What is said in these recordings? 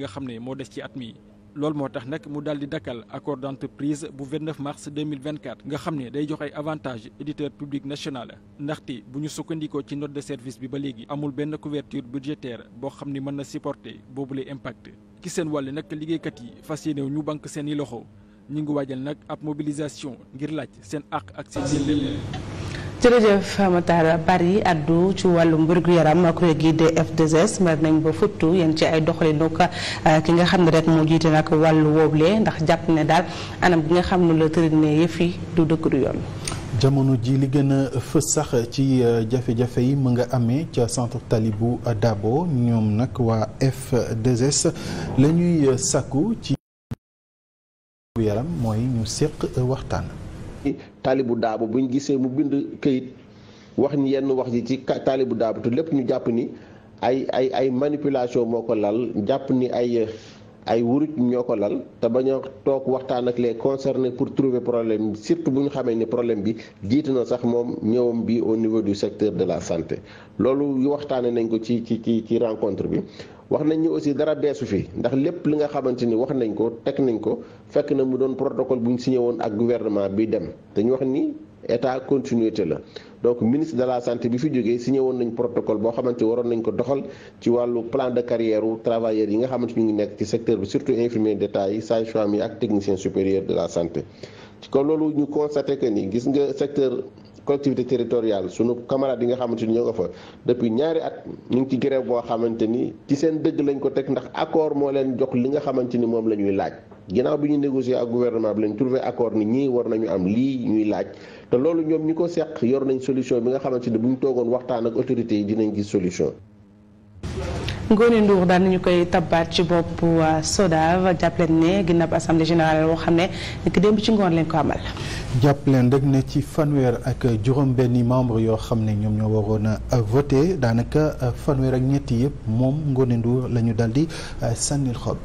nga xam ne moo des ci at mi loolu moo tax nag mu daal di dakkal accord d' entreprise bu 29 mars 2024 nga xam ne day jox ay avantages éditeur public national ndaxte bu ñu sukkandikoo ci note de service bi ba léegi amul benn couverture budgétaire boo xam ni mën na supporter boobule impact. ci seen wàll nag liggéeykat yi fas yéene ñu bank seen i loxo ñu ngi waajal nag ab mobilisation ngir laaj seen àq ak seen yelleef. jërëjëf Matar Bari addu ci wàllum wérgu yaram kuréel gi de F2S nañ ba futtu yéen ci ay doxalinu ah, ki nga xam ne rek moo jiite nag wàllu wooble ndax jàpp ne daal anam gi nga xam nu la tëral ne yëf yi du dëgg du yoon. jamono ji li gën a fës sax ci euh, jafe-jafe yi mu nga amee ca centre Talibou Dabo ñoom nag waa f 2 euh, sàkku ci yaram mooy ñu séq euh, waxtaan. taalibu daabu buñ gisee mu bind këyit wax ni yenn wax ji ci taalibu daabu te lépp ñu jàpp ni ay ay ay manipulation moo ko lal jàpp ni ay ay wuruj ñoo ko lal te bañ a toog waxtaan ak les conserné pour trouver problème surtout bu ñu xamee ni problème bi jiitu na sax moom ñëwam bi au niveau du secteur de la santé loolu waxtaanee nañ ko ci ci ci ci rencontre bi wax nañ aussi dara beesu fi ndax lépp li nga xamante ni wax nañ ko teg nañ ko fekk na mu doon protocole bu ñu signé woon ak gouvernement bi dem dañu wax ni état continuité la donc ministre de la santé bi fi jógee signé woon nañ protocole boo xamante waroon nañ ko doxal ci wàllu plan de carrière wu yi nga xamante ñu ngi nekk ci secteur bi surtout infirmiers d'État yi sages-femmes yi ak techniciens supérieurs de la santé ci ko loolu ñu constaté que collectivité territoriale sunu camarades yi nga xamante ni ñoo nga fa depuis ñaari at ñu ngi ci grève boo xamante ni ci seen dëgg lañ ko teg ndax accord moo leen jox li nga xamante ni moom la ñuy laaj ginnaaw bi ñu négocier ak gouvernement bi lañ trouvé accord ni ñii war nañu am lii ñuy laaj te loolu ñoom ñi ko seq yor nañ solution bi nga xamante ni bu ñu toogoon waxtaan ak autorités yi dinañ gis solution. Ngone Ndour daan nañu koy tabbaat ci bopp euh, SODAV jàpp leen ne ginnaaw assemblée générale boo xam ne ki démb ci ngoon leen ko amal. jàpp leen rek ne ci fanweer ak juróom-benni membre yoo xam ne ñoom ñoo waroon a voté daanaka fanweer ak ñetti yëpp moom Ngoné Ndour lañu ñu daldi sànnil xob.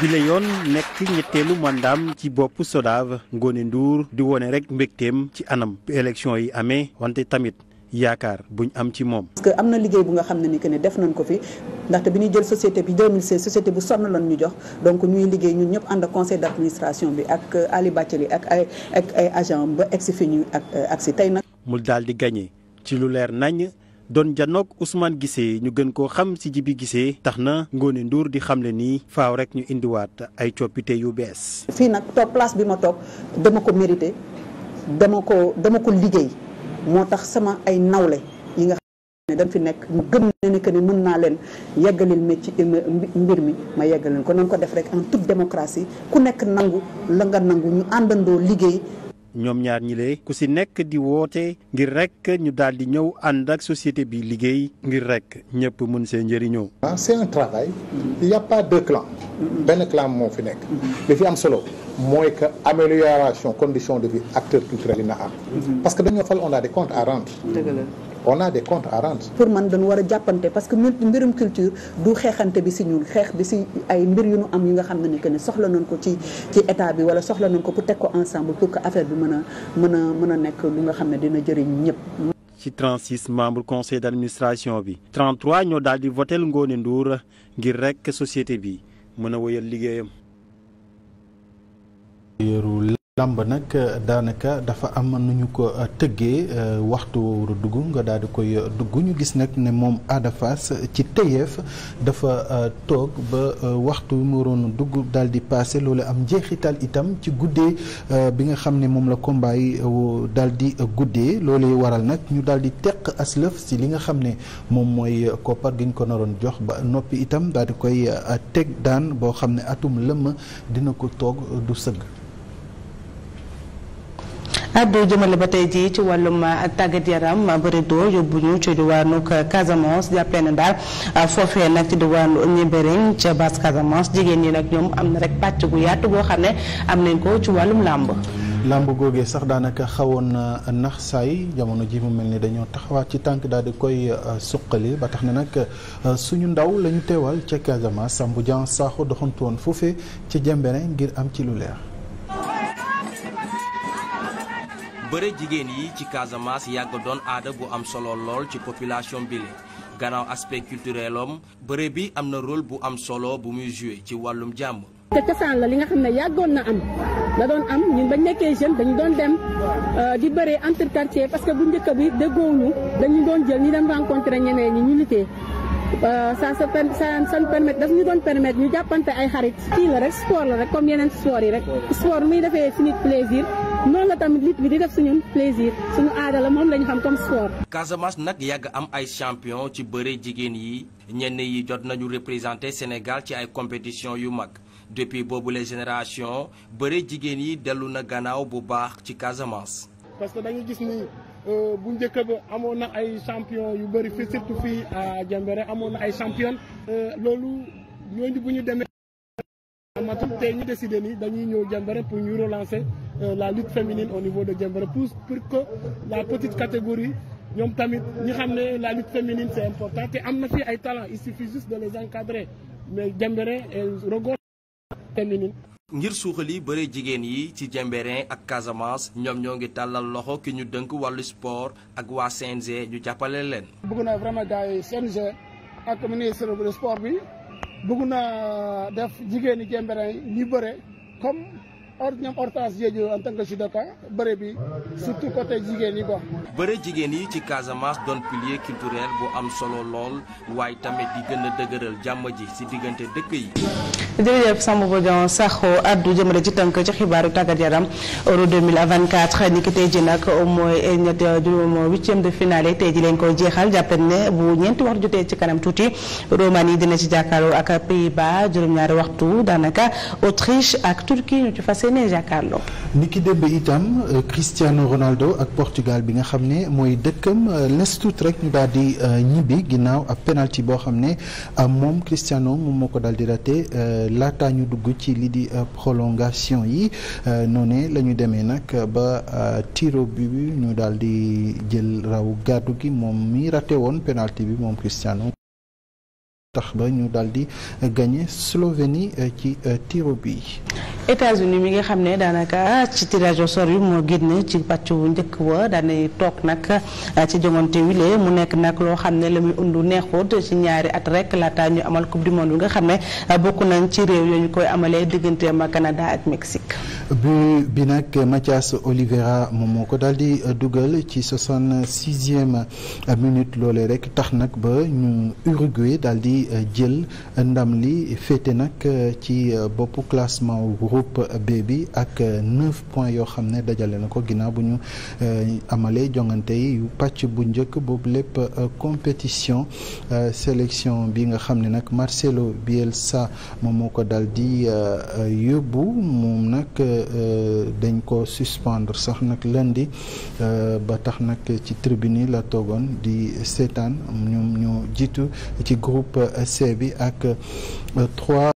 bile yoon nekk ñetteelu mandaam ci bopp SODAV Ngoné nduur di wone rek mbégteem ci anam bi élection yi amee wante tamit yaakaar bu ñu am ci moom. parce que am na liggéey bu nga xam ne ni que ne def nañ ko fi ndaxte bi ñuy jël société bi 2016 société bu sonn lan ñu jox donc ñuy liggéey ñun ñëpp ànd ak conseil d' administration bi ak euh, Ali Bathily ak ay ak ay agent ba egg si fi ñu ak euh, ak tey nag. mu daal di gagné ci lu leer naññ doon janoog Ousmane Guissé ñu gën koo xam si Djibi Guissé tax na Ngone Ndour di xamle nii faaw rek ñu indiwaat ay coppite yu bees. fii nag toog place bi ma toog dama ko mérité dama ko dama ko liggéey. moo tax sama ay nawle yi nga xam ne dañ fi nekk ñu gëm ne ne que ne mën naa leen yeggalil ma ci mbir mi ma yeggalil ko nañ ko def rek en toute démocratie ku nekk nangu la nga nangu ñu àndandoo liggéey ñoom ñaar ñi lee ku si nekk di woote ngir rek ñu daal di ñëw ànd ak société bi liggéey ngir rek ñëpp mën se njëriñoo. ah c'est un travail il y a pas deux clans. benn clan moo fi nekk. li fi am solo mooy que amélioration condition de vie acteur culturel yi na am. Mhm. parce que dañoo fal on a des comptes à rendre. on a des comptes pour man dañu war a jàppante parce que mbirum culture du xeexante bi si ñun xeex bi si ay mbir yu nu am yu nga xam ne ni que ne soxla nañ ko ci ci état bi wala soxla nañ ko pour teg ko ensemble pour que affaire bi mën a mën a mën a nekk lu nga xam ne dina jëriñ ñëpp. ci 36 membre conseil d' administration bi. 33 ñoo daal di votel Ngone Ndour ngir rek société bi mën a wëyal liggéeyam. làmb nag euh, daanaka dafa am nu ñu ko euh, tëggee euh, waxtu woo dugg nga daal di koy dugg ñu gis nag ne moom Ada ci tëyeef dafa toog ba waxtu mu waroon dugg daal di passé loolu am njeexital itam ci guddee bi nga xam ne moom la combat yi daal di guddee loolu waral nag ñu daal di teq aslëf si li nga xam ne moom mooy koppar gi ñu ko naroon jox ba noppi itam daal di koy teg daan boo xam ne atum lëmm dina ko toog du sëgg. addu jëmale ba tey jii ci wàllum uh, tàggat yaram uh, bëri doo yóbbu ñu ci diwaanu uh, Casamance jàppale na daal foofee nag ci diwaanu Ndiébérène ca Basse Casamance jigéen ñi nag ñoom am na rek pàcc gu yaatu goo xam ne am nañ ko ci wàllum làmb. làmb googee sax daanaka xawoon na nax saay jamono ji mu mel ni dañoo taxawaat ci tànk daal di koy suqali ba tax na nag suñu ndaw lañu ñu teewal ca Casamance Sambou Dieng Sakho doxantu woon foofee ca Ndiébérène ngir am ci lu leer. bëre jigéen yi ci Casamance yàgg doon aada bu am solo lool ci population bi la gannaaw aspect culturel am bëre bi am na rôle bu am solo bu muy joué ci wàllum jàmm. te cosaan la li nga xam ne yàggoon na am da doon am ñun bañ nekkee jeune dañu doon dem euh, di bëre entre quartier parce que bu njëkk bi ñu dañu doon jël ñu dem rencontré ñeneen ñi ñu luttee euh, ça sa sa san permettre daf ñu doon permettre ñu jàppante ay xarit. kii la rek sport la rek comme yeneen sport yi rek sport muy defee suñu plaisir. noonu la tamit lutte bi def suñu plaisir suñu aada la moom lañu xam comme sport. Casamance nag yàgg am ay champion ci bëre jigéen yi ñenn yi jot nañu représenté Sénégal ci ay compétition yu mag depuis boobu le génération bëre jigéen yi dellu na gannaaw bu baax ci Casamance. parce que dañu gis ni euh, bu njëkk ba amoon na ay champion yu bëri fi surtout fii à amoon na ay championne euh, loolu ñooñu bu ñu demee. tey ñu décidé ni dañuy ñëw Diembéra pour ñu relancer euh, la lutte féminine au niveau de Diembéra pour pour que la petite catégorie ñoom tamit ñi xam ne la lutte féminine c'est important te am na fii ay talent il suffit juste de les encadrer mais Diembéra est regorge féminine ngir suuxali bëre jigéen yi ci Diembéra ak Casamance ñoom ñoo ngi tàllal loxo ki ñu dënk wàllu sport ak waa CNG ñu jàppale leen. bëgg naa vraiment gars yi CNG ak ministre bi. bëgg naa def jigéen ñi Jembereñ ñi bëre comme or ñoom ortage jeeju en tant que judoka bëre bi surtout côté jigéen yi quoi. bëre jigéen yi ci Casamance doon pilier culturel bu am solo lool waaye tamit di gën dëgëral jàmm ji si diggante dëkk yi. jërëjëf Samba Bodian Sakho addu jëmale ci tënk ci xibaaru tàggat yaram euro 2024 ni ki tey ji nag mooy ñett juróom huitième de finale tey ji leen ko jeexal jàppale ne bu ñeenti waxtu jotee ci kanam tuuti Roumanie dina ci jàkkaarloo ak Pays-Bas juróom-ñaari waxtu daanaka Autriche ak Turquie yéene jàkkaarloo. ni ki démb itam euh, Cristiano Ronaldo ak Portugal bi nga xam ne mooy dëkkam euh, les tout rek ñu daal di euh, ñibbi ginnaaw ab penalty boo xam ne moom Cristiano moom moo ko daal di raté laataa ñu dugg ci li di prolongation yi noonu la ñu demee nag ba tiro bi ñu daal di jël raw gàddu gi moom mi raté woon penalty bi moom Cristiano. tax ba ñu daal di gagné Slovénie euh, ci euh, tiro bi. États-Unis mi nga xam ne daanaka ci tirage au sort yi moo génn ci pàcc bu njëkk wa daanay toog nag euh, ci joŋante wile mu nekk nag loo xam ne la muy undu neexut ci ñaari at rek laata ñu amal coupe du monde bi nga xam ne bokk nañ ci réew yooyu ñu koy amalee digganteem ak Canada ak Mexique. bu bi nag Mathias Oliveira moom moo ko daal di dugal ci soixante sixième minute loolee rek tax nag ba ñu Uruguay daal di jël ndam li féete nag ci boppu classement groupe B bi ak neuf point yoo xam ne dajale na ko ginnaaw bu ñu eh, amalee jongante yi yu pàcc bu njëkk boobu lépp eh, compétition eh, sélection bi nga xam ne nag Marcelo Bielsa moom moo ko daal di yóbbu moom nag. Euh, dañ ko suspendre sax nag lundi euh, ba tax nag ci tribune la toogoon di seetaan ñoom ñoo jiitu ci groupe C bi ak euh, trois